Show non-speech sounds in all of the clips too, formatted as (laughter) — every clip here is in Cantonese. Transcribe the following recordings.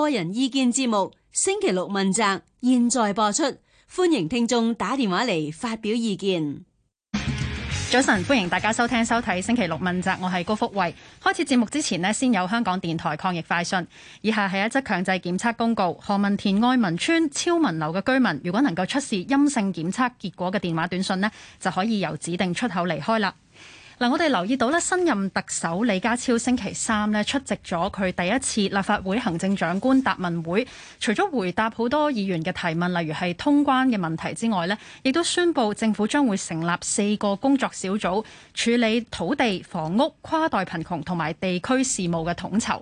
個人意見節目星期六問責，現在播出，歡迎聽眾打電話嚟發表意見。早晨，歡迎大家收聽收睇星期六問責，我係高福慧。開始節目之前呢，先有香港電台抗疫快訊。以下係一則強制檢測公告：何文田愛民村超民樓嘅居民，如果能夠出示陰性檢測結果嘅電話短信呢，就可以由指定出口離開啦。嗱，我哋留意到咧，新任特首李家超星期三呢出席咗佢第一次立法會行政長官答問會。除咗回答好多議員嘅提問，例如係通關嘅問題之外呢，亦都宣布政府將會成立四個工作小組處理土地、房屋、跨代貧窮同埋地區事務嘅統籌。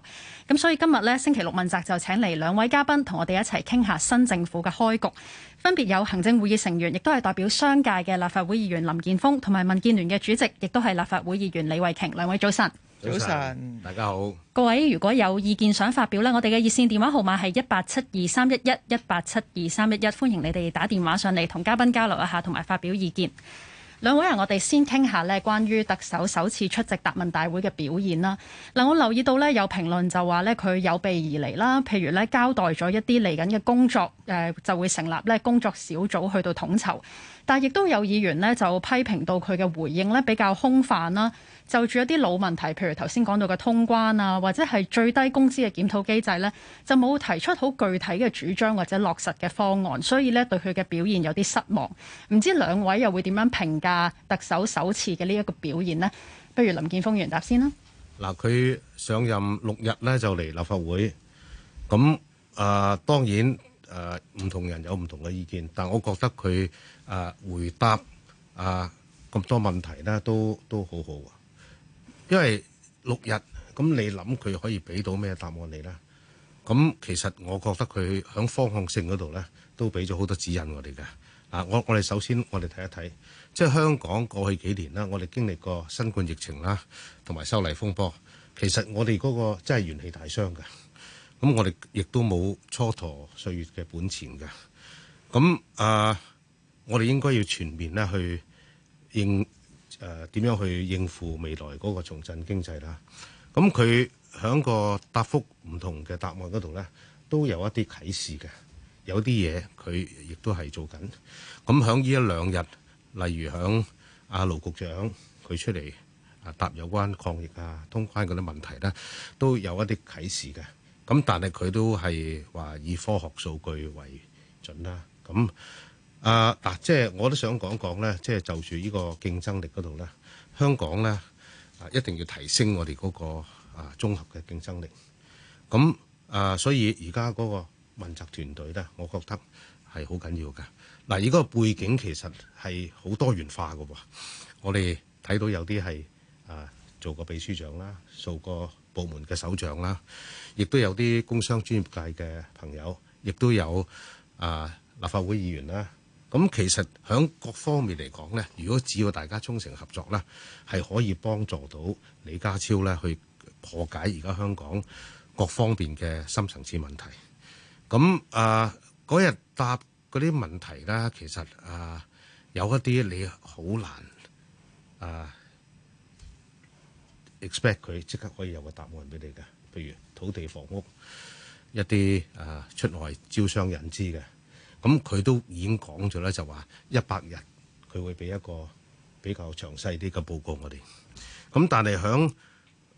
咁所以今日咧，星期六問責就請嚟兩位嘉賓同我哋一齊傾下新政府嘅開局。分別有行政會議成員，亦都係代表商界嘅立法會議員林健鋒，同埋民建聯嘅主席，亦都係立法會議員李慧瓊。兩位早晨，早晨大家好，各位如果有意見想發表咧，我哋嘅熱線電話號碼係一八七二三一一一八七二三一一，歡迎你哋打電話上嚟同嘉賓交流一下，同埋發表意見。兩位人，我哋先傾下咧，關於特首首次出席答問大會嘅表現啦。嗱，我留意到咧，有評論就話咧，佢有備而嚟啦。譬如咧，交代咗一啲嚟緊嘅工作，誒就會成立咧工作小組去到統籌。但亦都有議員呢，就批評到佢嘅回應呢，比較空泛啦。就住一啲老問題，譬如頭先講到嘅通關啊，或者係最低工資嘅檢討機制呢，就冇提出好具體嘅主張或者落實嘅方案，所以呢，對佢嘅表現有啲失望。唔知兩位又會點樣評價特首首次嘅呢一個表現呢？不如林健鋒回答先啦。嗱，佢上任六日呢，就嚟立法會，咁啊、呃、當然啊呃、唔同人有唔同嘅意見，但我覺得佢。啊！回答啊！咁多問題呢，都都好好、啊、因為六日咁，你諗佢可以俾到咩答案你呢？咁其實我覺得佢響方向性嗰度呢，都俾咗好多指引我哋嘅啊。我我哋首先我哋睇一睇，即係香港過去幾年啦，我哋經歷過新冠疫情啦，同埋修例風波，其實我哋嗰個真係元氣大傷㗎。咁我哋亦都冇蹉跎歲月嘅本錢㗎。咁啊～我哋應該要全面咧去應誒點、呃、樣去應付未來嗰個重振經濟啦。咁佢響個答覆唔同嘅答案嗰度咧，都有一啲啟示嘅。有啲嘢佢亦都係做緊。咁響呢一兩日，例如響阿盧局長佢出嚟啊答有關抗疫啊通關嗰啲問題咧，都有一啲啟示嘅。咁但係佢都係話以科學數據為準啦、啊。咁啊、uh, 嗱、就是，即係我都想講講咧，即係就住、是、呢個競爭力嗰度咧，香港咧啊一定要提升我哋嗰、那個啊綜合嘅競爭力。咁啊，所以而家嗰個問責團隊咧，我覺得係好緊要噶。嗱、啊，而家個背景其實係好多元化噶喎。我哋睇到有啲係啊做過秘書長啦，做過部門嘅首長啦，亦都有啲工商專業界嘅朋友，亦都有啊立法會議員啦。咁其實喺各方面嚟講呢，如果只要大家忠誠合作呢，係可以幫助到李家超呢去破解而家香港各方面嘅深層次問題。咁啊，嗰、呃、日答嗰啲問題咧，其實啊、呃、有一啲你好難啊、呃、expect 佢即刻可以有個答案俾你嘅，譬如土地房屋一啲啊、呃、出外招商引資嘅。咁佢都已經講咗咧，就話一百日佢會俾一個比較詳細啲嘅報告我哋。咁但係喺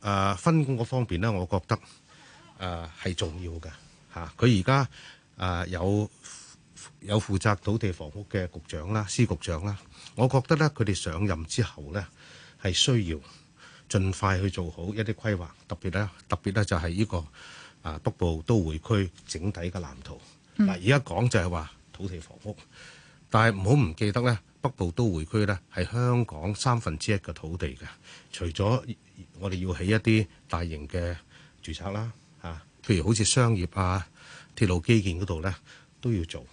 誒分工嗰方面咧，我覺得誒係、呃、重要嘅嚇。佢而家誒有有負責土地房屋嘅局長啦、司局長啦，我覺得咧佢哋上任之後咧係需要盡快去做好一啲規劃，特別咧特別咧就係、是、呢、呢個誒、啊、北部都會區整體嘅藍圖。嗱、嗯，而家講就係話土地房屋，但係唔好唔記得咧，北部都會區咧係香港三分之一嘅土地嘅。除咗我哋要起一啲大型嘅住宅啦，嚇，譬如好似商業啊、鐵路基建嗰度呢，都要做。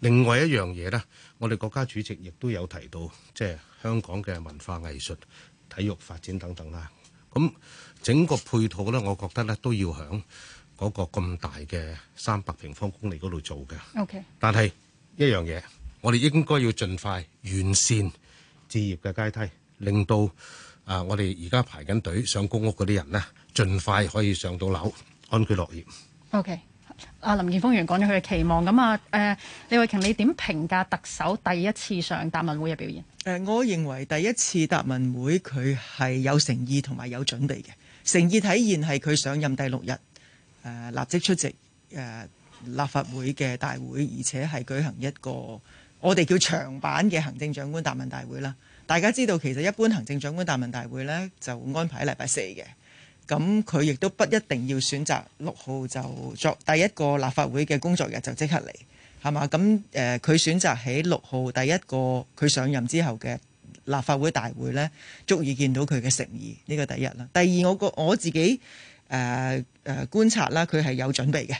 另外一樣嘢呢，我哋國家主席亦都有提到，即係香港嘅文化藝術、體育發展等等啦。咁整個配套呢，我覺得呢都要響。嗰、那個咁大嘅三百平方公里嗰度做嘅，okay. 但係一樣嘢，我哋應該要盡快完善置業嘅階梯，令到啊、呃，我哋而家排緊隊上公屋嗰啲人呢，盡快可以上到樓安居樂業。O.K. 啊，林健鋒員講咗佢嘅期望，咁啊，誒、呃，李慧瓊，你點評價特首第一次上答問會嘅表現、呃？我認為第一次答問會佢係有誠意同埋有準備嘅，誠意體現係佢上任第六日。誒、呃、立即出席誒、呃、立法會嘅大會，而且係舉行一個我哋叫長版嘅行政長官答問大會啦。大家知道其實一般行政長官答問大會呢，就安排喺禮拜四嘅，咁佢亦都不一定要選擇六號就作第一個立法會嘅工作日就即刻嚟，係嘛？咁誒佢選擇喺六號第一個佢上任之後嘅立法會大會呢，足以見到佢嘅誠意呢、呢個第一啦。第二，我覺我自己。誒、呃、誒、呃、觀察啦，佢係有準備嘅、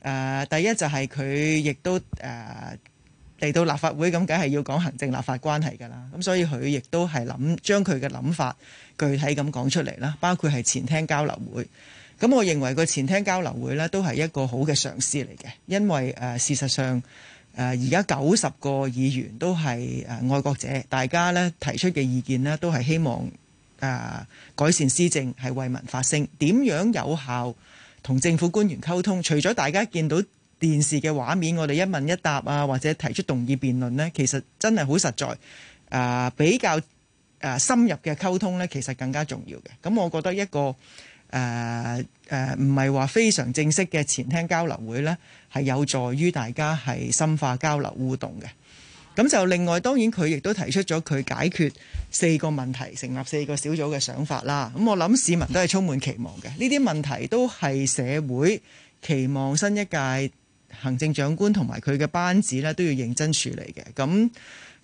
呃。第一就係佢亦都誒嚟、呃、到立法會咁，梗係要講行政立法關係噶啦。咁、嗯、所以佢亦都係諗將佢嘅諗法具體咁講出嚟啦，包括係前廳交流會。咁、嗯、我認為個前廳交流會呢都係一個好嘅嘗試嚟嘅，因為誒、呃、事實上誒而家九十個議員都係誒愛國者，大家呢提出嘅意見呢都係希望。啊！改善施政係為民發聲，點樣有效同政府官員溝通？除咗大家見到電視嘅畫面，我哋一問一答啊，或者提出動議辯論呢，其實真係好實在啊，比較啊深入嘅溝通呢，其實更加重要嘅。咁我覺得一個誒誒唔係話非常正式嘅前廳交流會呢，係有助於大家係深化交流互動嘅。咁就另外，當然佢亦都提出咗佢解決四個問題、成立四個小組嘅想法啦。咁我諗市民都係充滿期望嘅。呢啲問題都係社會期望新一屆行政長官同埋佢嘅班子咧都要認真處理嘅。咁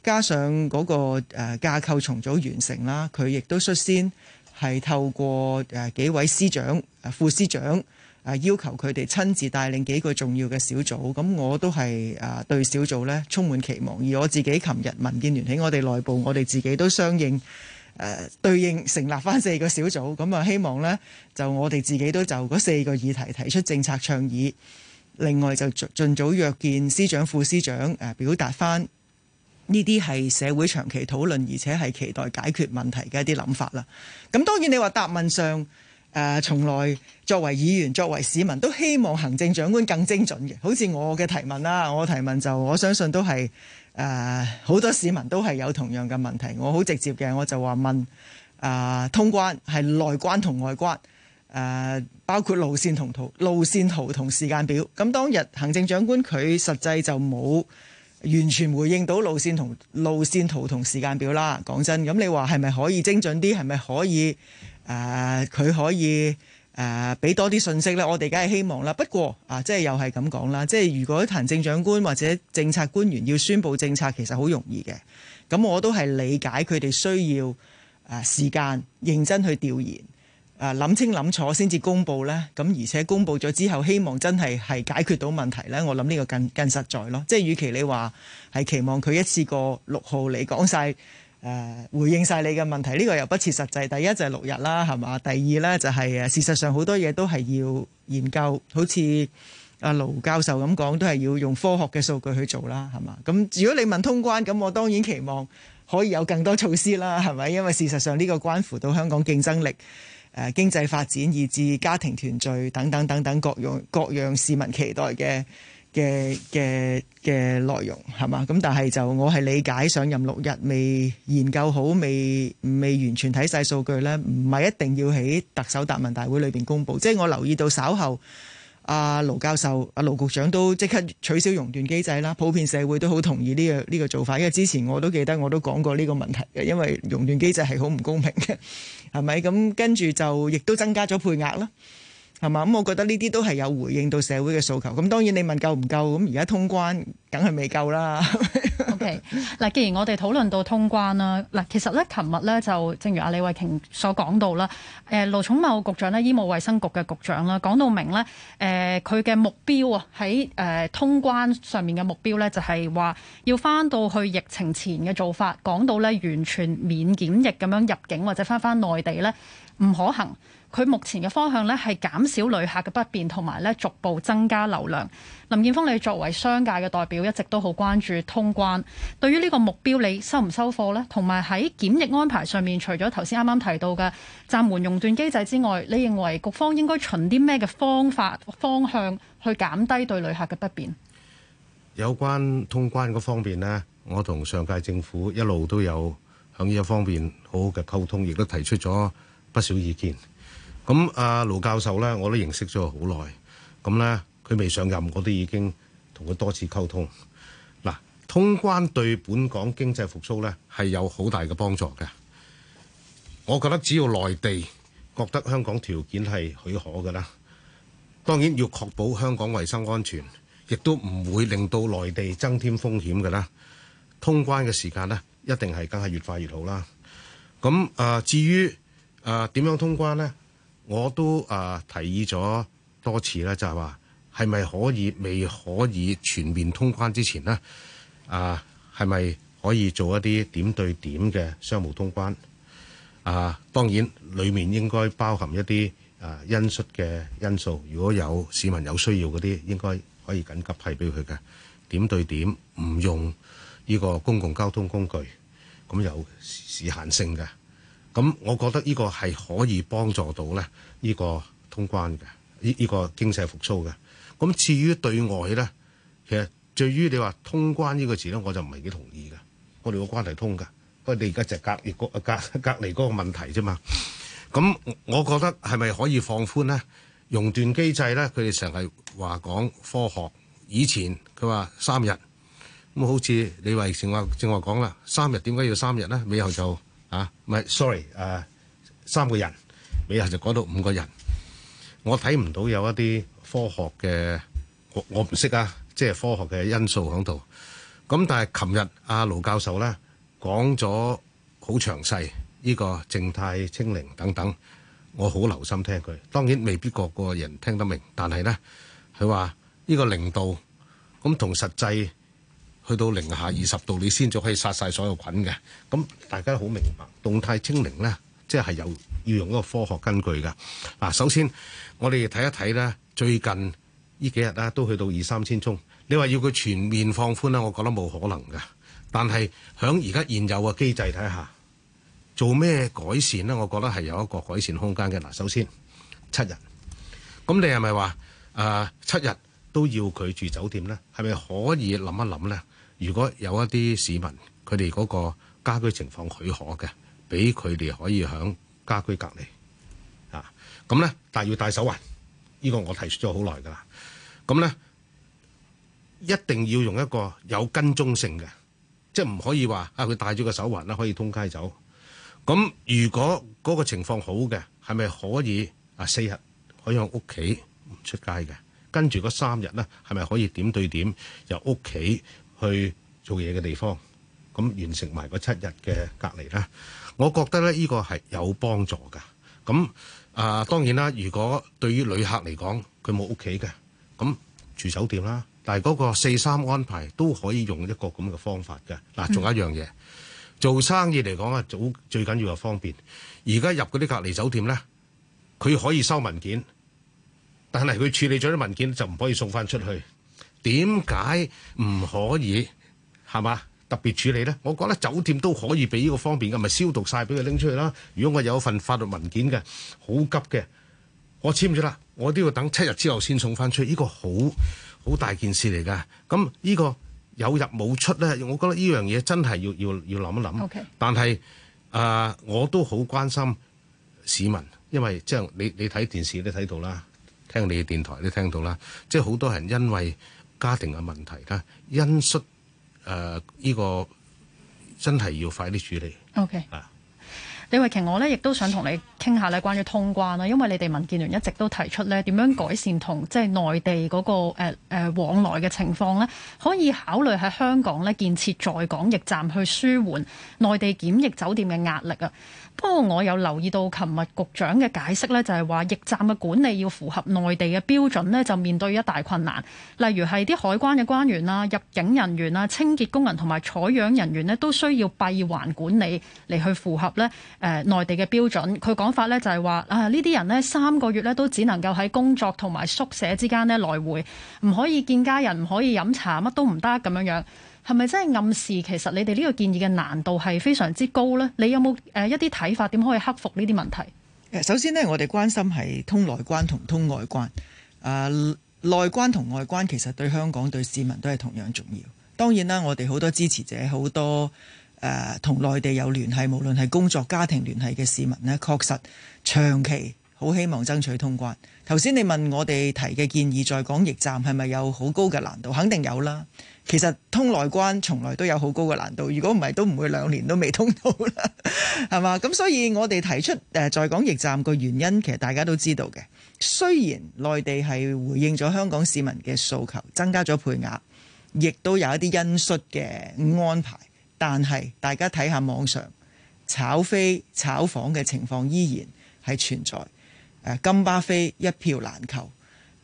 加上嗰個架構重組完成啦，佢亦都率先係透過誒幾位司長、副司長。誒、啊、要求佢哋親自帶領幾個重要嘅小組，咁我都係誒、啊、對小組咧充滿期望，而我自己琴日民建聯喺我哋內部，我哋自己都相應誒、啊、對應成立翻四個小組，咁啊希望咧就我哋自己都就嗰四個議題提出政策倡議，另外就盡早約見司長、副司長誒、啊，表達翻呢啲係社會長期討論而且係期待解決問題嘅一啲諗法啦。咁當然你話答問上。誒、呃、從來作為議員、作為市民都希望行政長官更精準嘅，好似我嘅提問啦、啊。我提問就我相信都係誒好多市民都係有同樣嘅問題。我好直接嘅，我就話問誒、呃、通關係內關同外關誒、呃，包括路線同圖路線圖同時間表。咁當日行政長官佢實際就冇完全回應到路線同路線圖同時間表啦。講真，咁你話係咪可以精準啲？係咪可以？誒、呃、佢可以誒俾、呃、多啲信息咧，我哋梗係希望啦。不過啊，啊，即係又係咁講啦，即係如果行政長官或者政策官員要宣布政策，其實好容易嘅。咁我都係理解佢哋需要誒、啊、時間，認真去調研，誒、啊、諗清諗楚先至公佈咧。咁、啊、而且公佈咗之後，希望真係解決到問題咧。我諗呢個更更實在咯。即係與其你話係期望佢一次過六號嚟講晒。誒回應晒你嘅問題，呢、呢個又不切實際。第一就係六日啦，係嘛？第二呢就係、誒、事實上好多嘢都係要研究，好似阿盧教授咁講，都係要用科學嘅數據去做啦，係嘛？咁如果你問通關，咁我當然期望可以有更多措施啦，係咪？因為事實上呢個關乎到香港競爭力、誒、呃、經濟發展以，以至家庭團聚等等等等各樣各樣市民期待嘅。嘅嘅嘅內容係嘛？咁但係就我係理解，上任六日未研究好，未未完全睇晒數據咧，唔係一定要喺特首答問大會裏面公布。即係我留意到稍後阿盧教授、阿盧局長都即刻取消熔斷機制啦，普遍社會都好同意呢個呢個做法。因為之前我都記得我都講過呢個問題嘅，因為熔斷機制係好唔公平嘅，係咪？咁跟住就亦都增加咗配額啦。係嘛？咁我覺得呢啲都係有回應到社會嘅訴求。咁當然你問夠唔夠？咁而家通關，梗係未夠啦。 (laughs) OK，嗱，既然我哋討論到通關啦，嗱，其實咧，琴日咧就正如阿李慧瓊所講到啦，誒，盧寵茂局長咧，醫務衛生局嘅局長啦，講到明咧，誒，佢嘅目標啊，喺誒通關上面嘅目標咧，就係話要翻到去疫情前嘅做法，講到咧完全免檢疫咁樣入境或者翻翻內地咧，唔可行。佢目前嘅方向咧，係減少旅客嘅不便，同埋咧逐步增加流量。林健鋒，你作為商界嘅代表，一直都好關注通關。對於呢個目標，你收唔收貨呢？同埋喺檢疫安排上面，除咗頭先啱啱提到嘅暫緩熔斷機制之外，你認為局方應該循啲咩嘅方法方向去減低對旅客嘅不便？有關通關嗰方面呢，我同上屆政府一路都有喺呢一方面好好嘅溝通，亦都提出咗不少意見。咁啊，盧教授咧，我都認識咗好耐。咁咧，佢未上任，我都已經同佢多次溝通。嗱，通關對本港經濟復蘇咧，係有好大嘅幫助嘅。我覺得只要內地覺得香港條件係許可嘅啦，當然要確保香港衛生安全，亦都唔會令到內地增添風險嘅啦。通關嘅時間咧，一定係梗係越快越好啦。咁啊，呃，至於啊，呃，點樣通關咧？我都啊、呃、提議咗多次啦，就係、是、話，係咪可以未可以全面通關之前咧啊，係、呃、咪可以做一啲點對點嘅商務通關啊、呃？當然裏面應該包含一啲啊、呃、因素嘅因素，如果有市民有需要嗰啲，應該可以緊急批俾佢嘅點對點，唔用呢個公共交通工具，咁有時限性嘅。咁我覺得呢個係可以幫助到咧，呢個通關嘅，呢、這、呢個經濟復甦嘅。咁至於對外咧，其實對於你話通關呢個詞咧，我就唔係幾同意嘅。我哋個關係通㗎，不過你而家就隔離嗰隔隔離個問題啫嘛。咁我覺得係咪可以放寬咧？熔斷機制咧，佢哋成日話講科學。以前佢話三日，咁好似你話正話正講啦，三日點解要三日咧？尾後就。啊，唔係，sorry，誒，三個人，尾後就講到五個人，我睇唔到有一啲科學嘅，我我唔識啊，即係科學嘅因素喺度。咁但係琴日阿盧教授呢講咗好詳細，呢個靜態清零等等，我好留心聽佢。當然未必個個人聽得明，但係呢，佢話呢個零度咁同實際。去到零下二十度，你先就可以殺晒所有菌嘅。咁大家好明白，動態清零呢，即係有要用一個科學根據㗎。嗱、啊，首先我哋睇一睇呢，最近呢幾日、啊、都去到二三千宗。你話要佢全面放寬呢，我覺得冇可能㗎。但係響而家現有嘅機制睇下，做咩改善呢？我覺得係有一個改善空間嘅。嗱，首先七日，咁你係咪話啊七日都要佢住酒店呢？係咪可以諗一諗呢？如果有一啲市民佢哋嗰個家居情況許可嘅，俾佢哋可以喺家居隔離啊。咁咧，但係要戴手環，呢個我提出咗好耐噶啦。咁咧一定要用一個有跟蹤性嘅，即係唔可以話啊，佢戴咗個手環啦，可以通街走。咁、啊、如果嗰個情況好嘅，係咪可以啊？四日可以喺屋企唔出街嘅，跟住嗰三日咧係咪可以點對點由屋企？去做嘢嘅地方，咁完成埋個七日嘅隔離啦。我覺得呢呢個係有幫助㗎。咁啊、呃，當然啦，如果對於旅客嚟講，佢冇屋企嘅，咁住酒店啦。但係嗰個四三安排都可以用一個咁嘅方法嘅。嗱、嗯，仲有一樣嘢，做生意嚟講啊，早最緊要係方便。而家入嗰啲隔離酒店呢，佢可以收文件，但係佢處理咗啲文件就唔可以送返出去。嗯點解唔可以係嘛特別處理呢？我覺得酒店都可以俾呢個方便嘅，咪消毒晒俾佢拎出去啦。如果我有份法律文件嘅，好急嘅，我簽咗啦，我都要等七日之後先送翻出去。呢個好好大件事嚟㗎。咁呢個有入冇出呢？我覺得呢樣嘢真係要要要諗一諗。Okay. 但係啊、呃，我都好關心市民，因為即係、就是、你你睇電視都睇到啦，聽你電台都聽到啦，即係好多人因為，家庭嘅問題因素，呃，這個真係要快啲處理。Okay. 李慧瓊，我咧亦都想同你傾下咧，關於通關啦，因為你哋民建聯一直都提出咧，點樣改善同即係內地嗰，那個誒、呃、往來嘅情況咧，可以考慮喺香港咧建設在港驛站去舒緩內地檢疫酒店嘅壓力啊。不過我有留意到，琴日局長嘅解釋咧，就係話驛站嘅管理要符合內地嘅標準咧，就面對一大困難，例如係啲海關嘅官員啦、入境人員啦、清潔工人同埋採樣人員呢，都需要閉環管理嚟去符合咧。誒、呃、內地嘅標準，佢講法咧就係話啊，呢啲人呢三個月咧都只能夠喺工作同埋宿舍之間呢來回，唔可以見家人，唔可以飲茶，乜都唔得咁樣樣。係咪真係暗示其實你哋呢個建議嘅難度係非常之高呢？你有冇誒、呃、一啲睇法點可以克服呢啲問題？首先呢，我哋關心係通內關同通外關。誒、呃，內關同外關其實對香港對市民都係同樣重要。當然啦，我哋好多支持者好多。誒、呃、同內地有聯繫，無論係工作、家庭聯繫嘅市民呢，確實長期好希望爭取通關。頭先你問我哋提嘅建議，在港驛站係咪有好高嘅難度？肯定有啦。其實通內關從來都有好高嘅難度，如果唔係都唔會兩年都未通到啦，係嘛？咁所以我哋提出誒在港驛站個原因，其實大家都知道嘅。雖然內地係回應咗香港市民嘅訴求，增加咗配額，亦都有一啲因素嘅安排。嗯但係大家睇下網上炒飛炒房嘅情況依然係存在，誒金巴飛一票難求，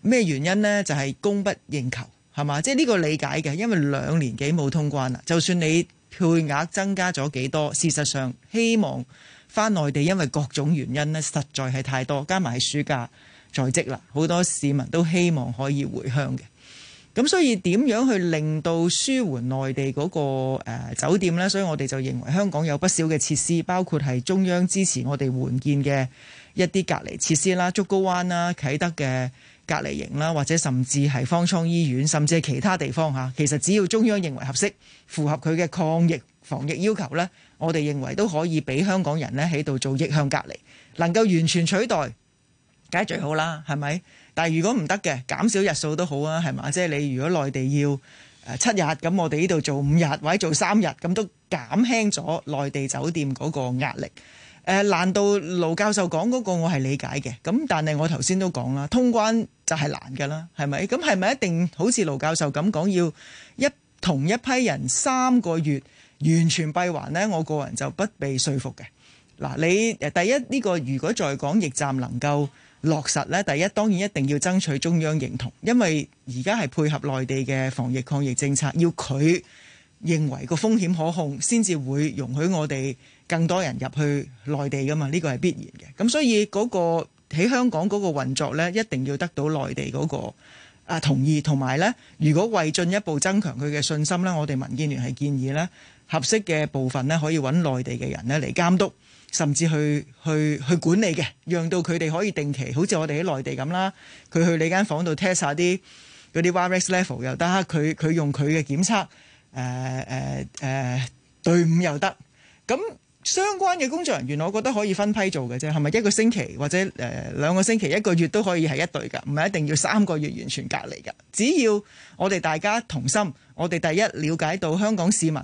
咩原因呢？就係、是、供不應求，係嘛？即係呢個理解嘅，因為兩年幾冇通關啦，就算你配額增加咗幾多，事實上希望返內地，因為各種原因呢，實在係太多，加埋暑假在即啦，好多市民都希望可以回鄉嘅。咁所以點樣去令到舒緩內地嗰個、呃、酒店呢？所以我哋就認為香港有不少嘅設施，包括係中央支持我哋援建嘅一啲隔離設施啦、竹篙灣啦、啟德嘅隔離營啦，或者甚至係方艙醫院，甚至係其他地方嚇。其實只要中央認為合適、符合佢嘅抗疫防疫要求呢，我哋認為都可以俾香港人呢喺度做逆向隔離，能夠完全取代。梗係最好啦，係咪？但係如果唔得嘅，減少日數都好啊，係嘛？即係你如果內地要誒七日，咁我哋呢度做五日，或者做三日，咁都減輕咗內地酒店嗰個壓力。誒，難道盧教授講嗰個我係理解嘅。咁但係我頭先都講啦，通關就係難噶啦，係咪？咁係咪一定好似盧教授咁講要一同一批人三個月完全閉環呢？我個人就不被說服嘅。嗱，你第一呢個如果在港驛站能夠落實咧，第一當然一定要爭取中央認同，因為而家係配合內地嘅防疫抗疫政策，要佢認為個風險可控，先至會容許我哋更多人入去內地噶嘛，呢個係必然嘅。咁所以嗰個喺香港嗰個運作呢，一定要得到內地嗰個啊同意，同埋呢，如果為進一步增強佢嘅信心呢，我哋民建聯係建議呢，合適嘅部分呢，可以揾內地嘅人呢嚟監督。甚至去去去管理嘅，讓到佢哋可以定期，好似我哋喺內地咁啦，佢去你間房度 test 下啲啲 virus level 又得，佢佢用佢嘅檢測，誒誒誒隊伍又得，咁相關嘅工作人員，我覺得可以分批做嘅啫，係咪一個星期或者誒兩個星期一個月都可以係一隊㗎，唔係一定要三個月完全隔離㗎，只要我哋大家同心，我哋第一了解到香港市民。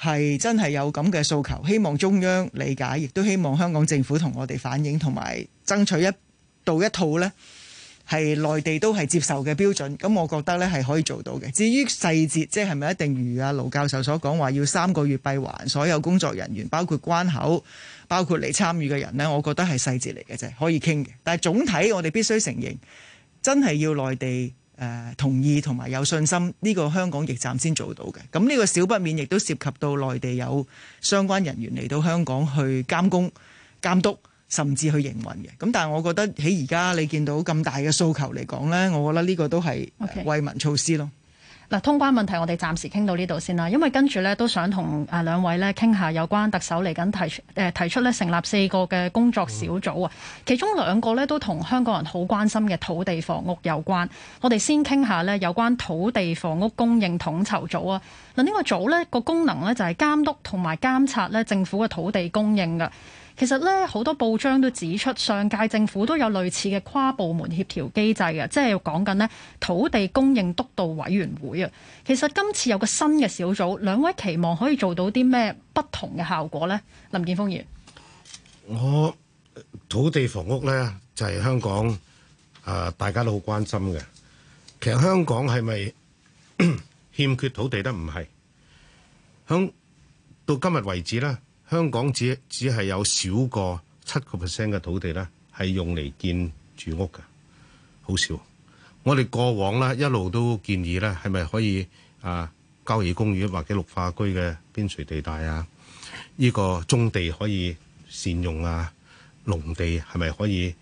係真係有咁嘅訴求，希望中央理解，亦都希望香港政府同我哋反映，同埋爭取一到一套呢係內地都係接受嘅標準。咁我覺得呢係可以做到嘅。至於細節，即係咪一定如阿盧教授所講話，要三個月閉環所有工作人員，包括關口，包括嚟參與嘅人呢？我覺得係細節嚟嘅啫，可以傾嘅。但係總體我哋必須承認，真係要內地。同意同埋有信心，呢、這個香港疫站，先做到嘅。咁、這、呢個少不免亦都涉及到內地有相關人員嚟到香港去監工、監督，甚至去營運嘅。咁但係我覺得喺而家你見到咁大嘅訴求嚟講咧，我覺得呢個都係為民措施咯。Okay. 嗱，通關問題我哋暫時傾到呢度先啦，因為跟住咧都想同誒兩位咧傾下有關特首嚟緊提、呃、提出咧成立四個嘅工作小組啊，其中兩個咧都同香港人好關心嘅土地房屋有關，我哋先傾下咧有關土地房屋供應統籌組啊，嗱、這、呢個組咧個功能咧就係、是、監督同埋監察咧政府嘅土地供應㗎。其實咧，好多報章都指出，上屆政府都有類似嘅跨部門協調機制嘅，即係講緊咧土地供應督導委員會啊。其實今次有個新嘅小組，兩位期望可以做到啲咩不同嘅效果呢？林健鋒議員。「我土地房屋呢，就係、是、香港啊、呃，大家都好關心嘅。其實香港係咪 (coughs) 欠缺土地得唔係，響到今日為止呢。」香港只只係有少過七個 percent 嘅土地咧，係用嚟建住屋嘅，好少。我哋過往咧一路都建議咧，係咪可以啊郊野公園或者綠化區嘅邊陲地帶啊？呢、呢個棕地可以善用啊，農地係咪可以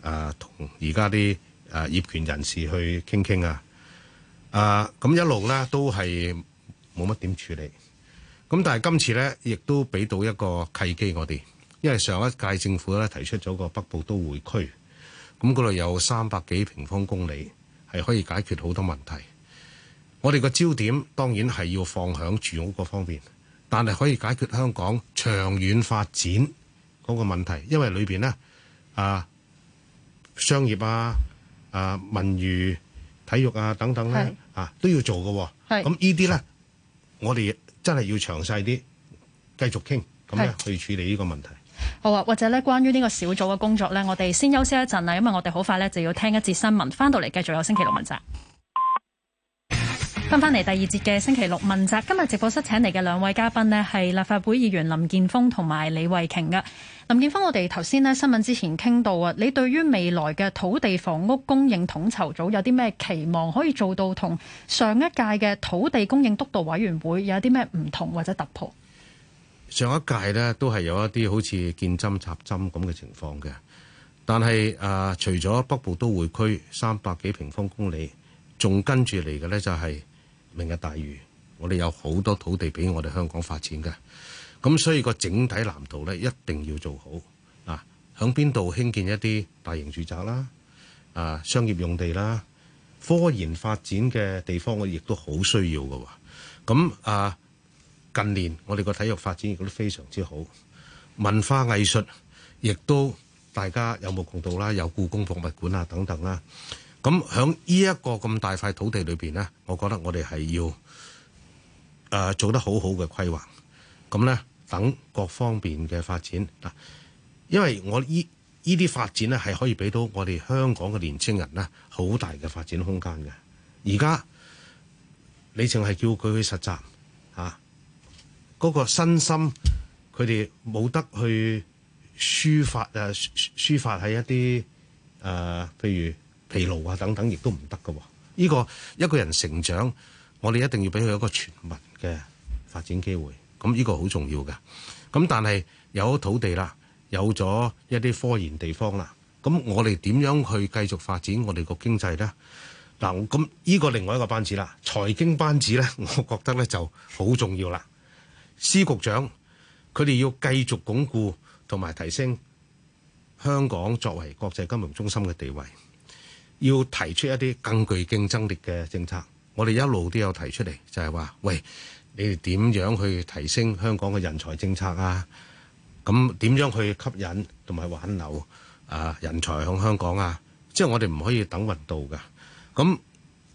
啊？同而家啲啊業權人士去傾傾啊？啊咁一路咧都係冇乜點處理。咁但係今次呢，亦都俾到一個契機我哋，因為上一屆政府咧提出咗個北部都會區，咁嗰度有三百幾平方公里，係可以解決好多問題。我哋個焦點當然係要放響住屋嗰方面，但係可以解決香港長遠發展嗰個問題，因為裏面呢，啊商業啊啊文娛、體育啊等等咧啊都要做嘅喎。咁呢啲呢，我哋。真係要詳細啲，繼續傾，咁呢去處理呢個問題。好啊，或者咧關於呢個小組嘅工作咧，我哋先休息一陣啦，因為我哋好快咧就要聽一節新聞，翻到嚟繼續有星期六問責。翻翻嚟第二節嘅星期六問責，今日直播室請嚟嘅兩位嘉賓咧，係立法會議員林健鋒同埋李慧瓊嘅。林健鋒，我哋頭先咧新聞之前傾到啊，你對於未來嘅土地房屋供應統籌組有啲咩期望，可以做到同上一屆嘅土地供應督導委員會有啲咩唔同或者突破？上一屆咧都係有一啲好似見針插針咁嘅情況嘅，但係誒、呃、除咗北部都會區三百幾平方公里，仲跟住嚟嘅咧就係、是。明日大嶼，我哋有好多土地俾我哋香港發展嘅，咁所以個整體藍圖呢，一定要做好啊！響邊度興建一啲大型住宅啦、啊商業用地啦、科研發展嘅地方，我亦都好需要㗎喎。咁啊，近年我哋個體育發展亦都非常之好，文化藝術亦都大家有目共睹啦，有故宮博物館啊等等啦。咁喺呢一個咁大塊土地裏面咧，我覺得我哋係要、呃、做得好好嘅規劃。咁咧，等各方面嘅發展嗱，因為我依呢啲發展咧係可以俾到我哋香港嘅年青人呢好大嘅發展空間嘅。而家你淨係叫佢去實習吓，啊嗰個身心佢哋冇得去抒發誒抒，抒發喺一啲誒、呃、譬如。疲勞啊！等等，亦都唔得噶。呢個一個人成長，我哋一定要俾佢一個全民嘅發展機會。咁呢個好重要嘅。咁但係有土地啦，有咗一啲科研地方啦。咁我哋點樣去繼續發展我哋個經濟呢？嗱，咁呢個另外一個班子啦，財經班子呢，我覺得呢就好重要啦。司局長佢哋要繼續鞏固同埋提升香港作為國際金融中心嘅地位。要提出一啲更具競爭力嘅政策，我哋一路都有提出嚟，就係話，喂，你哋點樣去提升香港嘅人才政策啊？咁點樣去吸引同埋挽留啊人才向香港啊？即係我哋唔可以等運道噶。咁，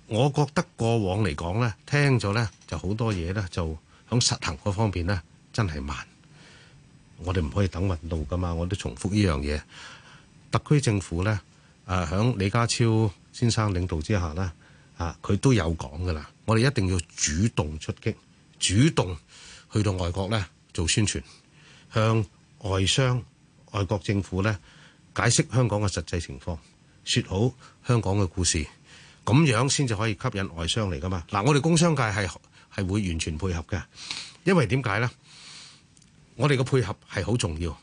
我覺得過往嚟講呢，聽咗呢就好多嘢呢，就響實行嗰方面呢，真係慢。我哋唔可以等運道噶嘛，我都重複呢樣嘢。特區政府呢。誒，響李家超先生領導之下咧，啊，佢都有講㗎啦。我哋一定要主動出擊，主動去到外國咧做宣傳，向外商、外國政府咧解釋香港嘅實際情況，説好香港嘅故事，咁樣先至可以吸引外商嚟噶嘛。嗱，我哋工商界係係會完全配合嘅，因為點解呢？我哋嘅配合係好重要，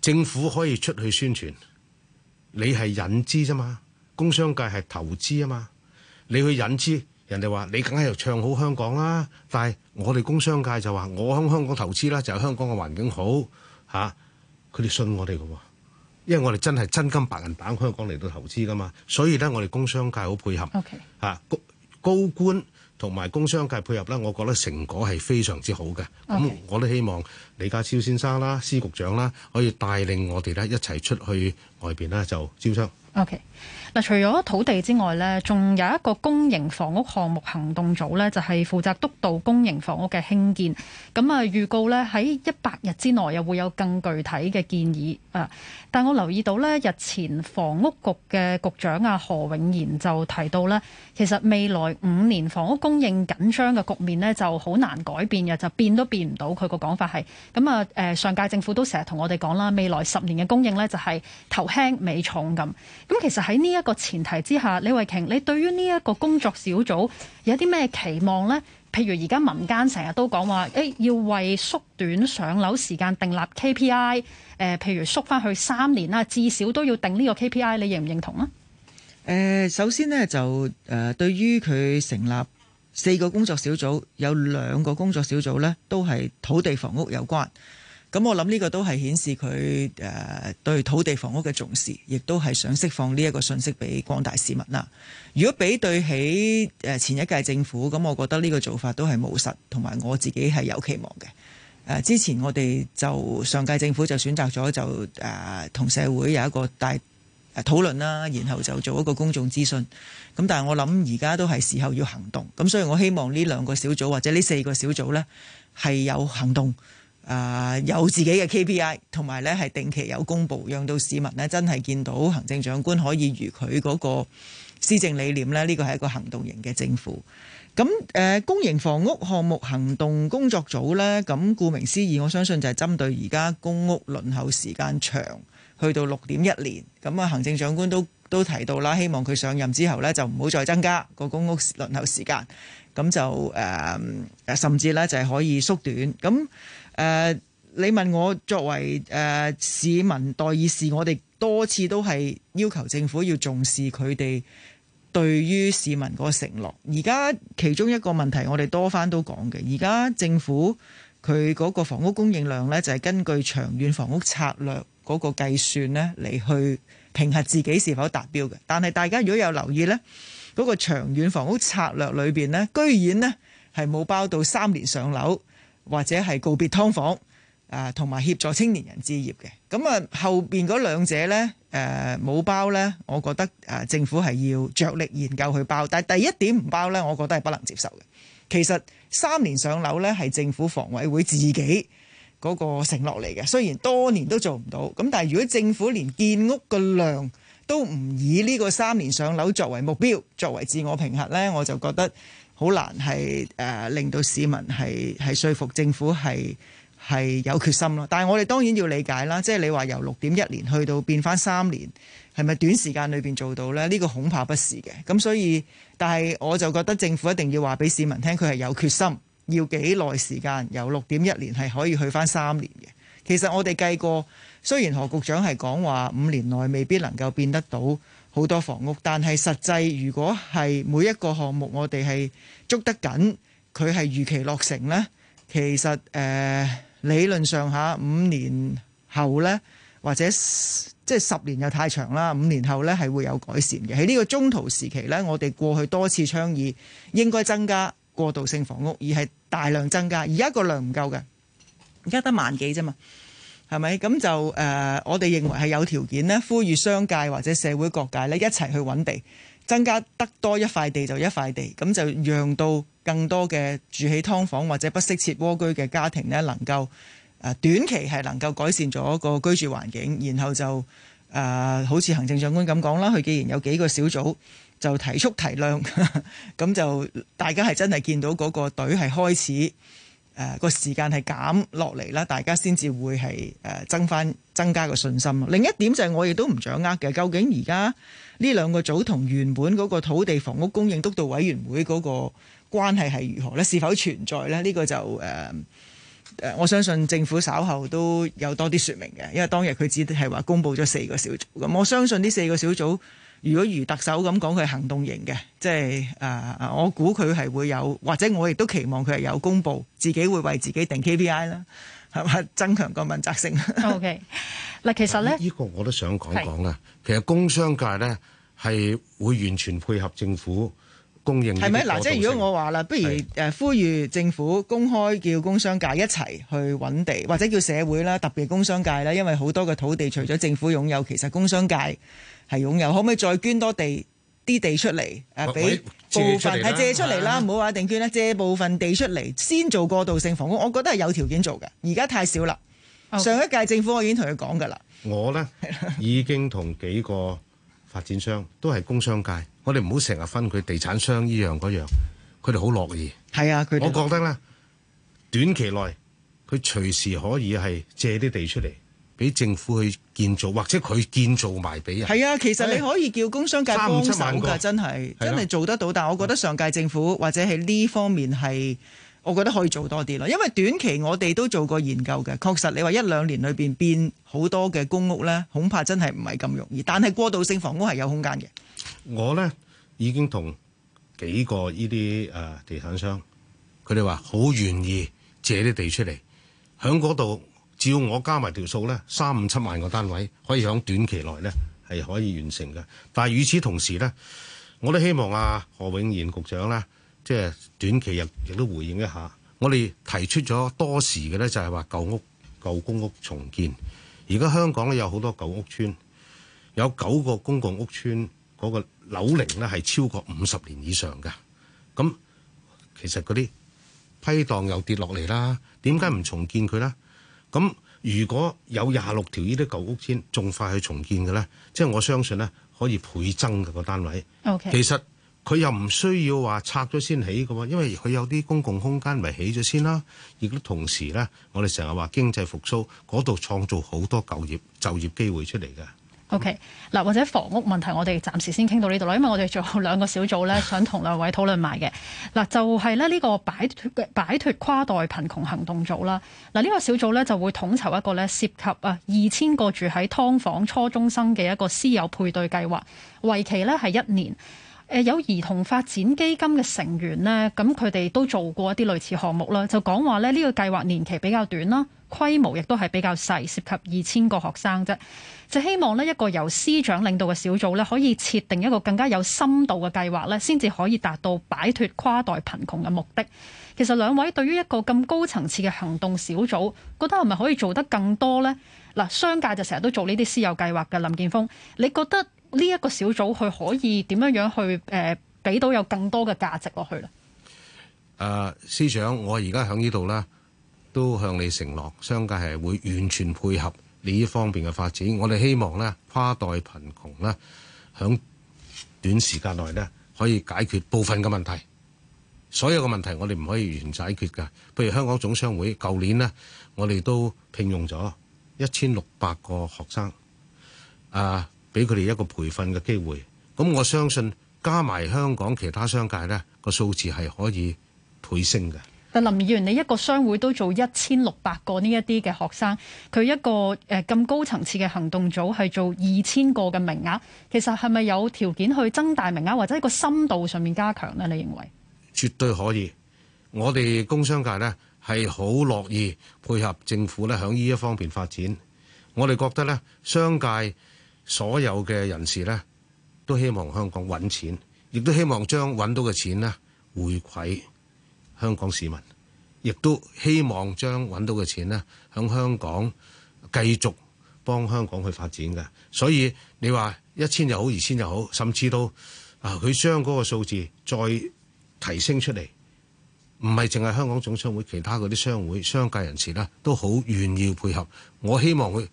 政府可以出去宣傳。你係引資啫嘛，工商界係投資啊嘛，你去引資，人哋話你梗係又唱好香港啦、啊，但係我哋工商界就話我喺香港投資啦，就係、是、香港嘅環境好嚇，佢、啊、哋信我哋嘅喎，因為我哋真係真金白銀揼香港嚟到投資噶嘛，所以咧我哋工商界好配合高、啊、高官。同埋工商界配合咧，我覺得成果係非常之好嘅。咁、okay. 我都希望李家超先生啦、司局長啦，可以帶領我哋咧一齊出去外邊咧就招商。OK。除咗土地之外咧，仲有一個公營房屋項目行動組咧，就係負責督導公營房屋嘅興建。咁啊，預告咧喺一百日之內又會有更具體嘅建議啊，但我留意到咧，日前房屋局嘅局長啊何永賢就提到咧，其實未來五年房屋供應緊張嘅局面咧，就好難改變嘅，就變都變唔到。佢個講法係咁啊。誒，上屆政府都成日同我哋講啦，未來十年嘅供應咧，就係頭輕尾重咁。咁其實喺呢一個前提之下，李慧瓊，你對於呢一個工作小組有啲咩期望呢？譬如而家民間成日都講話，誒、欸，要為縮短上樓時間訂立 KPI，誒、呃，譬如縮翻去三年啦，至少都要定呢個 KPI，你認唔認同啊？誒、呃，首先呢，就誒、呃，對於佢成立四個工作小組，有兩個工作小組呢都係土地房屋有關。咁我諗呢個都係顯示佢誒對土地房屋嘅重視，亦都係想釋放呢一個信息俾廣大市民啦。如果比對起誒前一屆政府，咁我覺得呢個做法都係務實，同埋我自己係有期望嘅。誒之前我哋就上屆政府就選擇咗就誒同、呃、社會有一個大討論啦，然後就做一個公眾諮詢。咁但係我諗而家都係時候要行動，咁所以我希望呢兩個小組或者呢四個小組呢，係有行動。啊、呃！有自己嘅 KPI，同埋咧，係定期有公布，讓到市民呢真係見到行政長官可以如佢嗰個施政理念呢。呢個係一個行動型嘅政府。咁、呃、公營房屋項目行動工作組呢，咁顧名思義，我相信就係針對而家公屋輪候時間長，去到六點一年。咁啊，行政長官都都提到啦，希望佢上任之後呢，就唔好再增加個公屋輪候時間，咁就誒、呃、甚至呢，就係、係、可以縮短咁。誒、呃，你問我作為誒、呃、市民代議士，我哋多次都係要求政府要重視佢哋對於市民個承諾。而家其中一個問題我，我哋多番都講嘅，而家政府佢嗰個房屋供應量呢，就係、是、根據長遠房屋策略嗰個計算呢嚟，去評核自己是否達標嘅。但係大家如果有留意呢，嗰、那個長遠房屋策略裏邊呢，居然呢係冇包到三年上樓。或者係告別劏房，啊同埋協助青年人置業嘅，咁啊後邊嗰兩者咧，誒冇包咧，我覺得啊政府係要着力研究去包，但係第一點唔包咧，我覺得係不能接受嘅。其實三年上樓咧係政府房委會自己嗰個承諾嚟嘅，雖然多年都做唔到，咁但係如果政府連建屋嘅量都唔以呢個三年上樓作為目標、作為自我評核咧，我就覺得，好難係、呃、令到市民係係說服政府係有決心咯。但係我哋當然要理解啦，即係你話由六點一年去到變翻三年，係咪短時間裏面做到呢？呢、呢個恐怕不是嘅。咁所以，但係我就覺得政府一定要話俾市民聽，佢係有決心，要幾耐時間由六點一年係可以去翻三年嘅。其實我哋計過，雖然何局長係講話五年內未必能夠變得到。好多房屋，但係實際如果係每一個項目，我哋係捉得緊，佢係預期落成呢？其實誒、呃，理論上下五年後呢，或者即係十年又太長啦。五年後呢係會有改善嘅。喺呢個中途時期呢，我哋過去多次倡議應該增加過渡性房屋，而係大量增加。而家個量唔夠嘅，而家得萬幾啫嘛。係咪咁就、呃、我哋認為係有條件呢，呼籲商界或者社會各界咧一齊去揾地，增加得多一塊地就一塊地，咁就讓到更多嘅住起劏房或者不適切窩居嘅家庭呢，能夠、呃、短期係能夠改善咗個居住環境，然後就、呃、好似行政長官咁講啦，佢既然有幾個小組就提速提量，咁 (laughs) 就大家係真係見到嗰個隊係開始，誒、呃、個時間係減落嚟啦，大家先至會係誒、呃、增返增加個信心。另一點就係我亦都唔掌握嘅，究竟而家呢兩個組同原本嗰個土地房屋供應督導委員會嗰個關係係如何咧？是否存在咧？呢、這個就誒誒、呃，我相信政府稍後都有多啲説明嘅，因為當日佢只係話公佈咗四個小組，咁我相信呢四個小組。如果如特首咁講，佢係行動型嘅，即係誒、啊，我估佢係會有，或者我亦都期望佢係有公布自己會為自己定 KPI 啦，係嘛？增強個問責性。O.K. 嗱，其實咧，依、呢個我都想講講啦，其實工商界咧係會完全配合政府。係咪，嗱？即係如果我話啦，不如誒呼籲政府公開叫工商界一齊去揾地，或者叫社會啦，特別工商界啦，因為好多嘅土地除咗政府擁有，其實工商界係擁有，可唔可以再捐多地啲地出嚟誒？俾部分係借出嚟啦，唔好話一定捐啦，借部分地出嚟先做過渡性房屋。我覺得係有條件做嘅，而家太少啦，哦。上一屆政府我已經同佢講噶啦，我呢，啊、已經同幾個發展商都係工商界。我哋唔好成日分佢地產商呢樣嗰樣，佢哋好樂意。係啊，我覺得咧，短期內佢隨時可以係借啲地出嚟，俾政府去建造，或者佢建造埋俾人。係啊，其實你可以叫工商界幫手㗎，真係真係做得到。但係我覺得上屆政府或者係呢方面係，我覺得可以做多啲咯。因為短期我哋都做過研究嘅，確實你話一兩年裏邊變好多嘅公屋咧，恐怕真係唔係咁容易。但係過渡性房屋係有空間嘅。我咧已經同幾個呢啲、呃、地產商，佢哋話好願意借啲地出嚟，喺嗰度，照我加埋條數咧，三五七萬個單位可以喺短期內咧係可以完成嘅。但係與此同時咧，我都希望阿、啊、何永賢局長咧，即係短期日亦都回應一下，我哋提出咗多時嘅咧，就係話舊屋舊公屋重建。而家香港咧有好多舊屋村，有九個公共屋邨。嗰個樓齡咧係超過五十年以上嘅，咁其實嗰啲批檔又跌落嚟啦，點解唔重建佢咧？咁如果有廿六條呢啲舊屋先，仲快去重建嘅咧，即係我相信咧可以倍增個單位。OK，其實佢又唔需要話拆咗先起㗎嘛，因為佢有啲公共空間咪起咗先啦，亦都同時咧，我哋成日話經濟復甦，嗰度創造好多舊業就業機會出嚟嘅。O.K. 嗱，或者房屋問題，我哋暫時先傾到呢度啦，因為我哋仲有兩個小組咧，想同兩位討論埋嘅。嗱，就係咧呢個擺脱擺脱跨代貧窮行動組啦。嗱，呢個小組咧就會統籌一個咧涉及啊二千個住喺劏房初中生嘅一個私有配對計劃，為期咧係一年。誒，有兒童發展基金嘅成員咧，咁佢哋都做過一啲類似項目啦，就講話咧呢個計劃年期比較短啦。規模亦都係比較細，涉及二千個學生啫。就希望呢一個由司長領導嘅小組呢，可以設定一個更加有深度嘅計劃呢，先至可以達到擺脱跨代貧窮嘅目的。其實兩位對於一個咁高層次嘅行動小組，覺得係咪可以做得更多呢？嗱，商界就成日都做呢啲私有計劃嘅。林健鋒，你覺得呢一個小組佢可以點樣樣去誒、呃、俾到有更多嘅價值落去呢誒，啊，司長，我而家喺呢度啦。都向你承諾，商界係會完全配合呢方面嘅發展。我哋希望咧，跨代貧窮咧，響短時間內咧可以解決部分嘅問題，所有嘅問題我哋唔可以完全解決噶，譬如香港總商會舊年咧，我哋都聘用咗一千六百個學生，啊，俾佢哋一個培訓嘅機會，咁我相信加埋香港其他商界咧，個數字係可以倍升嘅。但林議員，你一個商會都做一千六百個呢一啲嘅學生，佢一個誒咁、呃、高層次嘅行動組係做二千個嘅名額，其實係咪有條件去增大名額或者一個深度上面加強呢？你認為？絕對可以，我哋工商界呢係好樂意配合政府咧，響呢在這一方面發展。我哋覺得呢，商界所有嘅人士呢都希望香港揾錢，亦都希望將揾到嘅錢呢回饋。香港市民亦都希望將揾到嘅錢呢，喺香港繼續幫香港去發展嘅。所以你話一千又好，二千又好，甚至到啊，佢將嗰個數字再提升出嚟，唔係淨係香港總商會，其他嗰啲商會、商界人士啦，都好願意配合。我希望佢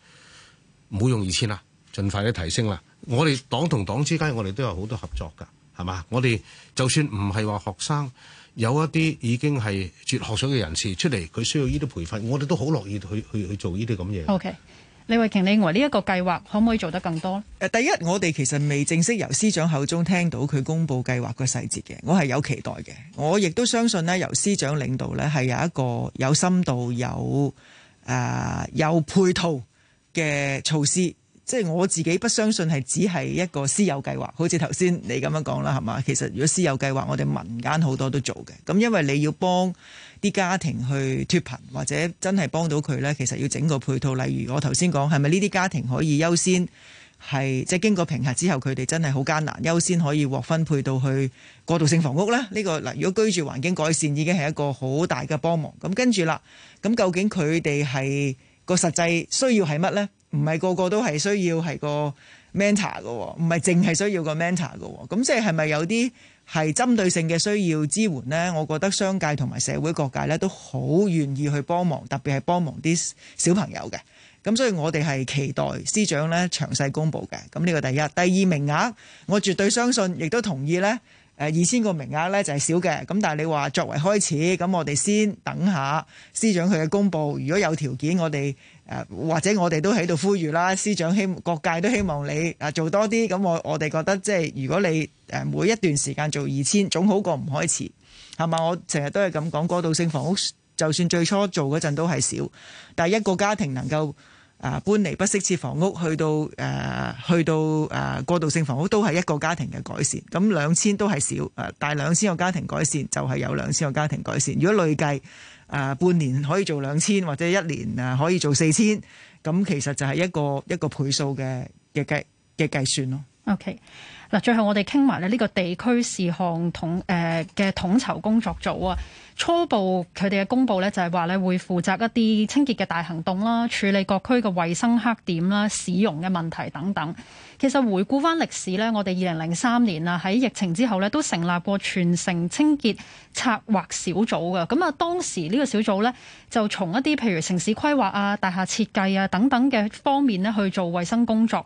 唔好用二千啦，盡快啲提升啦。我哋黨同黨之間，我哋都有好多合作㗎，係嘛？我哋就算唔係話學生。有一啲已經係絕學上嘅人士出嚟，佢需要呢啲培訓，我哋都好樂意去去去做呢啲咁嘢。Okay. 李慧瓊，你認為呢一個計劃可唔可以做得更多咧？誒，第一，我哋其實未正式由司長口中聽到佢公布計劃嘅細節嘅，我係有期待嘅，我亦都相信咧，由司長領導咧係有一個有深度、有誒、呃、有配套嘅措施。即係我自己不相信係只係一個私有計劃，好似頭先你咁樣講啦，係嘛？其實如果私有計劃，我哋民間好多都做嘅。咁因為你要幫啲家庭去脫貧，或者真係幫到佢呢，其實要整個配套。例如我頭先講，係咪呢啲家庭可以優先係即係經過評核之後，佢哋真係好艱難，優先可以獲分配到去過渡性房屋呢。呢、呢個嗱，如果居住環境改善已經係一個好大嘅幫忙。咁跟住啦，咁究竟佢哋係個實際需要係乜呢？唔係個個都係需要係個 mentor 嘅，唔係淨係需要個 mentor 嘅，咁即係係咪有啲係針對性嘅需要支援咧？我覺得商界同埋社會各界咧都好願意去幫忙，特別係幫忙啲小朋友嘅。咁所以我哋係期待司長咧詳細公布嘅。咁呢個第一，第二名額我絕對相信，亦都同意咧。誒二千個名額呢就係少嘅，咁但係你話作為開始，咁我哋先等下司長佢嘅公佈。如果有條件，我哋誒或者我哋都喺度呼籲啦，司長希各界都希望你做多啲。咁我我哋覺得即係如果你誒每一段時間做二千，總好過唔開始係嘛？我成日都係咁講，過渡性房屋就算最初做嗰陣都係少，但係一個家庭能夠。誒搬離不適切房屋，去到誒、呃、去到誒、呃、過渡性房屋，都係一個家庭嘅改善。咁兩千都係少、呃，但係兩千個家庭改善就係、是、有兩千個家庭改善。如果累計誒、呃、半年可以做兩千，或者一年啊、呃、可以做四千，咁其實就係一個一個倍數嘅嘅計嘅計算咯。OK。嗱，最後我哋傾埋呢個地區事項統誒嘅統籌工作組啊，初步佢哋嘅公佈呢就係話咧會負責一啲清潔嘅大行動啦，處理各區嘅衛生黑點啦、市容嘅問題等等。其實回顧翻歷史呢，我哋二零零三年啊喺疫情之後呢都成立過全城清潔策劃小組嘅。咁啊，當時呢個小組呢，就從一啲譬如城市規劃啊、大廈設計啊等等嘅方面呢去做衛生工作。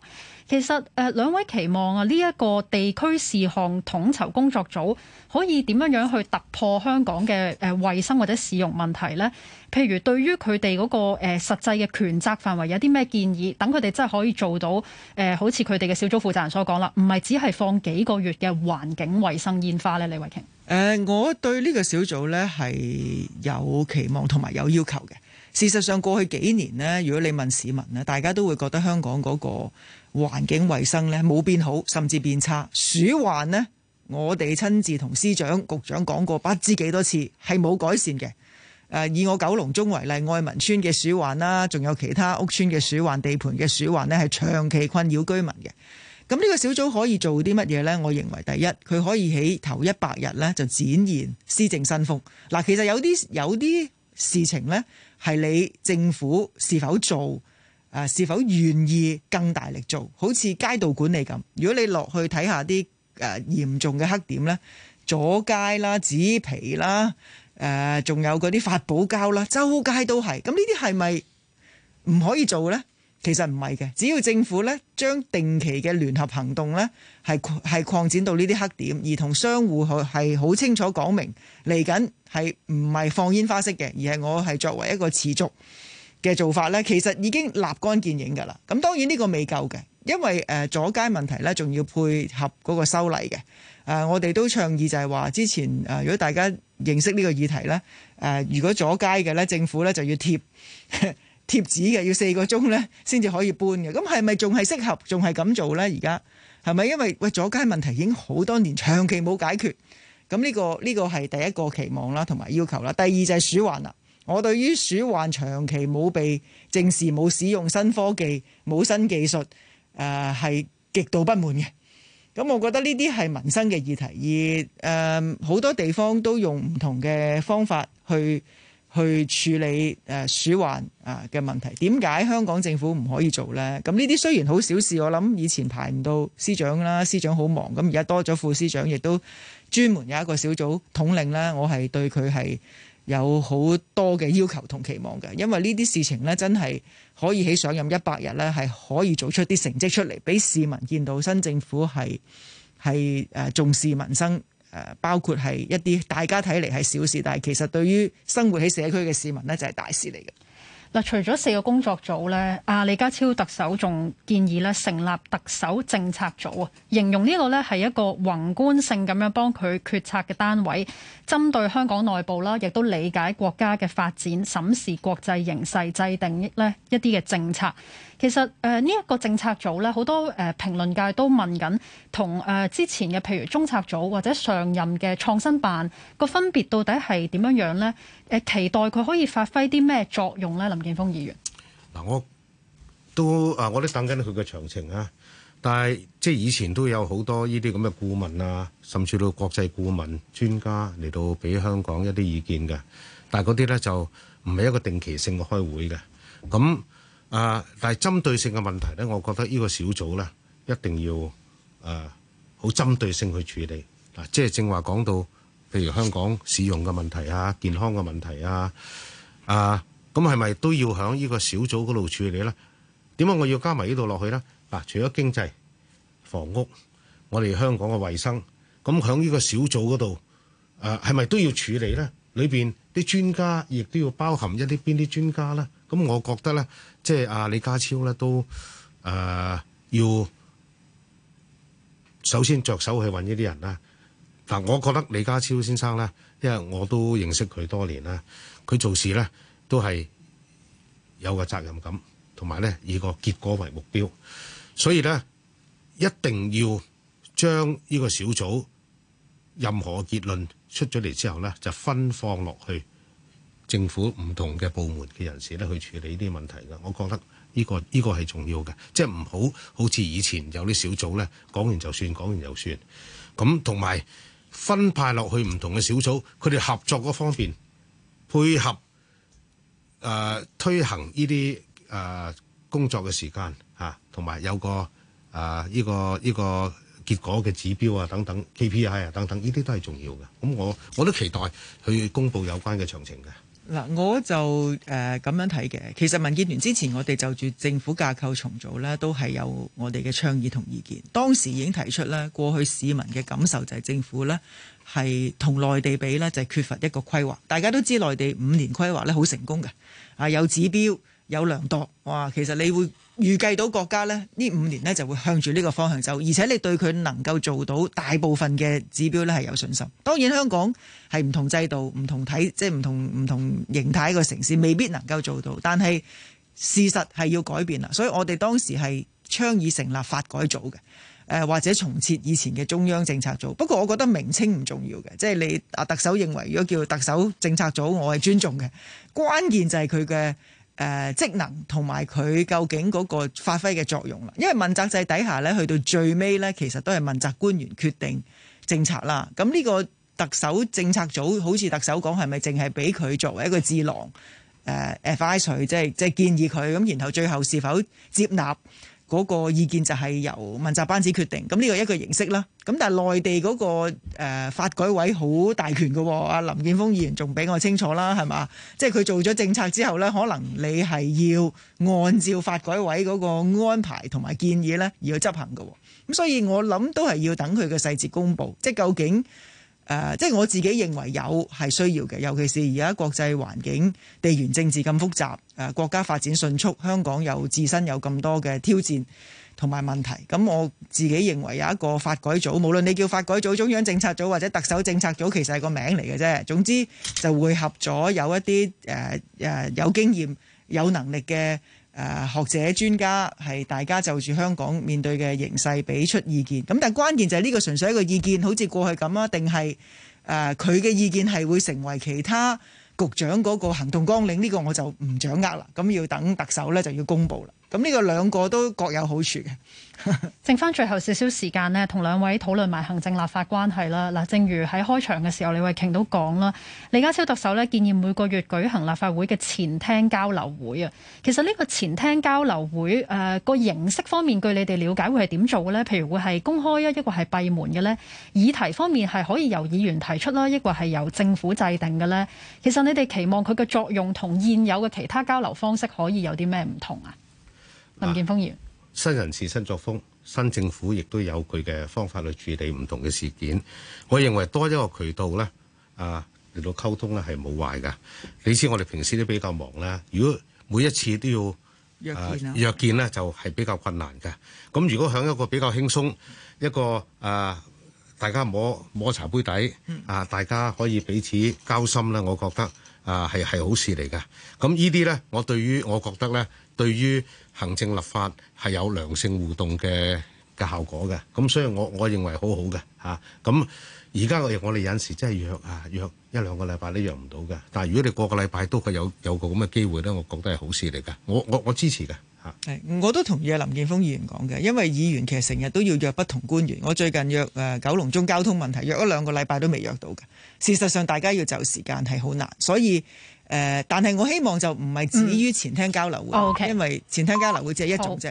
其實誒、呃，兩位期望啊，呢、這、一個地區事項統籌工作組可以點樣樣去突破香港嘅誒衞生或者市容問題呢？譬如對於佢哋嗰個誒、呃、實際嘅權責範圍有啲咩建議，等佢哋真係可以做到誒、呃，好似佢哋嘅小組負責人所講啦，唔係只係放幾個月嘅環境衞生煙花呢。」李慧瓊誒、呃，我對呢個小組呢，係有期望同埋有要求嘅。事實上，過去幾年呢，如果你問市民咧，大家都會覺得香港嗰、那個。環境衛生呢，冇變好，甚至變差。鼠患呢，我哋親自同司長、局長講過，不知幾多次係冇改善嘅。誒、呃，以我九龍中為例，愛民村嘅鼠患啦，仲有其他屋邨嘅鼠患、地盤嘅鼠患呢，係長期困擾居民嘅。咁呢個小組可以做啲乜嘢呢？我認為第一，佢可以喺頭一百日呢就展現施政新風。嗱，其實有啲有啲事情呢，係你政府是否做？呃、是否願意更大力做？好似街道管理咁，如果你落去睇下啲誒嚴重嘅黑點咧，阻街啦、紙皮啦、仲、呃、有嗰啲發泡膠啦，周街都係。咁呢啲係咪唔可以做咧？其實唔係嘅，只要政府咧將定期嘅聯合行動咧，係係擴展到呢啲黑點，而同商戶去係好清楚講明嚟緊係唔係放煙花式嘅，而係我係作為一個持續。嘅做法呢，其實已經立竿見影噶啦。咁當然呢個未夠嘅，因為誒、呃、阻街問題呢，仲要配合嗰個修例嘅。誒、呃、我哋都倡議就係話，之前誒、呃、如果大家認識呢個議題呢，誒、呃、如果阻街嘅呢，政府呢就要貼貼紙嘅，要四個鐘呢先至可以搬嘅。咁係咪仲係適合，仲係咁做呢？而家係咪因為喂阻街問題已經好多年長期冇解決，咁呢、呢個呢、呢個係第一個期望啦，同埋要求啦。第二就係鼠患啦。我對於鼠患長期冇被正視、冇使用新科技、冇新技術，誒係極度不滿嘅。咁我覺得呢啲係民生嘅議題，而誒好、呃、多地方都用唔同嘅方法去去處理誒、呃、鼠患啊嘅問題。點解香港政府唔可以做呢？咁呢啲雖然好小事，我諗以前排唔到司長啦，司長好忙。咁而家多咗副司長，亦都專門有一個小組統領咧。我係對佢係。有好多嘅要求同期望嘅，因為呢啲事情咧真係可以喺上任一百日咧係可以做出啲成績出嚟，俾市民見到新政府係係誒重視民生誒，包括係一啲大家睇嚟係小事，但係其實對於生活喺社區嘅市民咧就係大事嚟嘅。嗱，除咗四個工作組咧，阿李家超特首仲建議咧成立特首政策組啊，形容呢個咧係一個宏觀性咁樣幫佢決策嘅單位，針對香港內部啦，亦都理解國家嘅發展，審視國際形勢，制定一啲嘅政策。其實誒呢一個政策組咧，好多誒評論界都問緊，同誒、呃、之前嘅譬如中策組或者上任嘅創新辦個分別到底係點樣樣咧？誒、呃，期待佢可以發揮啲咩作用咧？林健鋒議員，嗱，我都誒，我都等緊佢嘅詳情啊！但係即係以前都有好多呢啲咁嘅顧問啊，甚至到國際顧問專家嚟到俾香港一啲意見嘅，但係嗰啲咧就唔係一個定期性嘅開會嘅咁。啊！但係針對性嘅問題呢，我覺得呢個小組呢一定要誒好針對性去處理嗱，即係正話講到，譬如香港市容嘅問題啊、健康嘅問題啊，啊咁係咪都要喺呢個小組嗰度處理呢？點解我要加埋呢度落去呢？嗱，除咗經濟、房屋，我哋香港嘅衞生，咁喺呢個小組嗰度誒係咪都要處理呢？裏邊啲專家亦都要包含一啲邊啲專家呢？咁我覺得呢。即係阿李家超咧，都誒要首先着手去揾呢啲人啦。嗱，我覺得李家超先生咧，因為我都認識佢多年啦，佢做事咧都係有個責任感，同埋咧以個結果為目標，所以咧一定要將呢個小組任何結論出咗嚟之後咧，就分放落去。政府唔同嘅部門嘅人士咧，去處理呢啲問題嘅，我覺得呢個、呢個係重要嘅，即係唔好好似以前有啲小組咧講完就算，講完就算。咁同埋分派落去唔同嘅小組，佢哋合作嗰方面配合誒、呃、推行呢啲誒工作嘅時間嚇，同埋有，有個誒、呃、呢個、呢個結果嘅指標啊等等 KPI 啊等等，呢啲都係重要嘅。咁我我都期待去公布有關嘅詳情嘅。嗱，我就誒咁樣睇嘅。其實民建聯之前，我哋就住政府架構重組咧，都係有我哋嘅倡議同意見。當時已經提出咧，過去市民嘅感受就係政府咧係同內地比咧，就係缺乏一個規劃。大家都知內地五年規劃咧好成功嘅，啊有指標有量度，哇！其實你會。預計到國家呢，呢五年呢就會向住呢個方向走，而且你對佢能夠做到大部分嘅指標呢係有信心。當然香港係唔同制度、唔同體，即係唔同唔同形態一個城市，未必能夠做到。但係事實係要改變啦，所以我哋當時係倡議成立法改組嘅、呃，或者重設以前嘅中央政策組。不過我覺得名稱唔重要嘅，即係你啊特首認為如果叫特首政策組，我係尊重嘅。關鍵就係佢嘅。誒、呃、職能同埋佢究竟嗰個發揮嘅作用啦，因為問責制底下咧，去到最尾咧，其實都係問責官員決定政策啦。咁、啊、呢、這個特首政策組好似特首講係咪淨係俾佢作為一個智囊誒、呃、，advice 佢，即係即係建議佢，咁然後最後是否接納？嗰、那個意見就係由問責班子決定，咁呢個一個形式啦。咁但係內地嗰、那個誒、呃、發改委好大權嘅喎，阿林健鋒議員仲比我清楚啦，係嘛？即係佢做咗政策之後呢，可能你係要按照發改委嗰個安排同埋建議呢而去執行嘅。咁所以我諗都係要等佢嘅細節公佈，即係究竟。誒，即係我自己認為有係需要嘅，尤其是而家國際環境、地緣政治咁複雜，誒國家發展迅速，香港又自身有咁多嘅挑戰同埋問題，咁我自己認為有一個法改組，無論你叫法改組、中央政策組或者特首政策組，其實係個名嚟嘅啫。總之就會合咗有一啲誒誒有經驗、有能力嘅。誒學者專家係大家就住香港面對嘅形勢俾出意見，咁但係關鍵就係呢個純粹一個意見，好似過去咁啊，定係誒佢嘅意見係會成為其他局長嗰個行動綱領？呢個我就唔掌握啦，咁要等特首咧就要公布啦。咁呢個兩個都各有好處嘅。剩翻最後少少時間呢，同兩位討論埋行政立法關係啦。嗱，正如喺開場嘅時候，李慧瓊都講啦，李家超特首咧建議每個月舉行立法會嘅前廳交流會啊。其實呢個前廳交流會誒個、呃、形式方面，據你哋了解會係點做嘅咧？譬如會係公開啊，抑或係閉門嘅呢，議題方面係可以由議員提出啦，抑或係由政府制定嘅呢。其實你哋期望佢嘅作用同現有嘅其他交流方式可以有啲咩唔同啊？林健鋒議員。新人事、新作風、新政府，亦都有佢嘅方法去處理唔同嘅事件。我認為多一個渠道呢，啊，嚟到溝通呢係冇壞噶。你知我哋平時都比較忙啦，如果每一次都要約見啊，約見呢就係比較困難嘅。咁如果喺一個比較輕鬆一個啊，大家摸摸茶杯底啊，大家可以彼此交心啦，我覺得啊係係好事嚟噶。咁呢啲呢，我對於我覺得呢對於。行政立法係有良性互動嘅嘅效果嘅，咁所以我我認為好好嘅嚇。咁而家我哋有陣時真係約啊約一兩個禮拜都約唔到嘅，但係如果你個個禮拜都佢有有個咁嘅機會咧，我覺得係好事嚟噶。我我我支持嘅嚇。係、啊，我都同意阿林健鋒議員講嘅，因為議員其實成日都要約不同官員。我最近約誒九龍中交通問題，約咗兩個禮拜都未約到嘅。事實上，大家要就時間係好難，所以。誒、呃，但係我希望就唔係止於前廳交流會，嗯 oh, okay. 因為前廳交流會只係一種啫。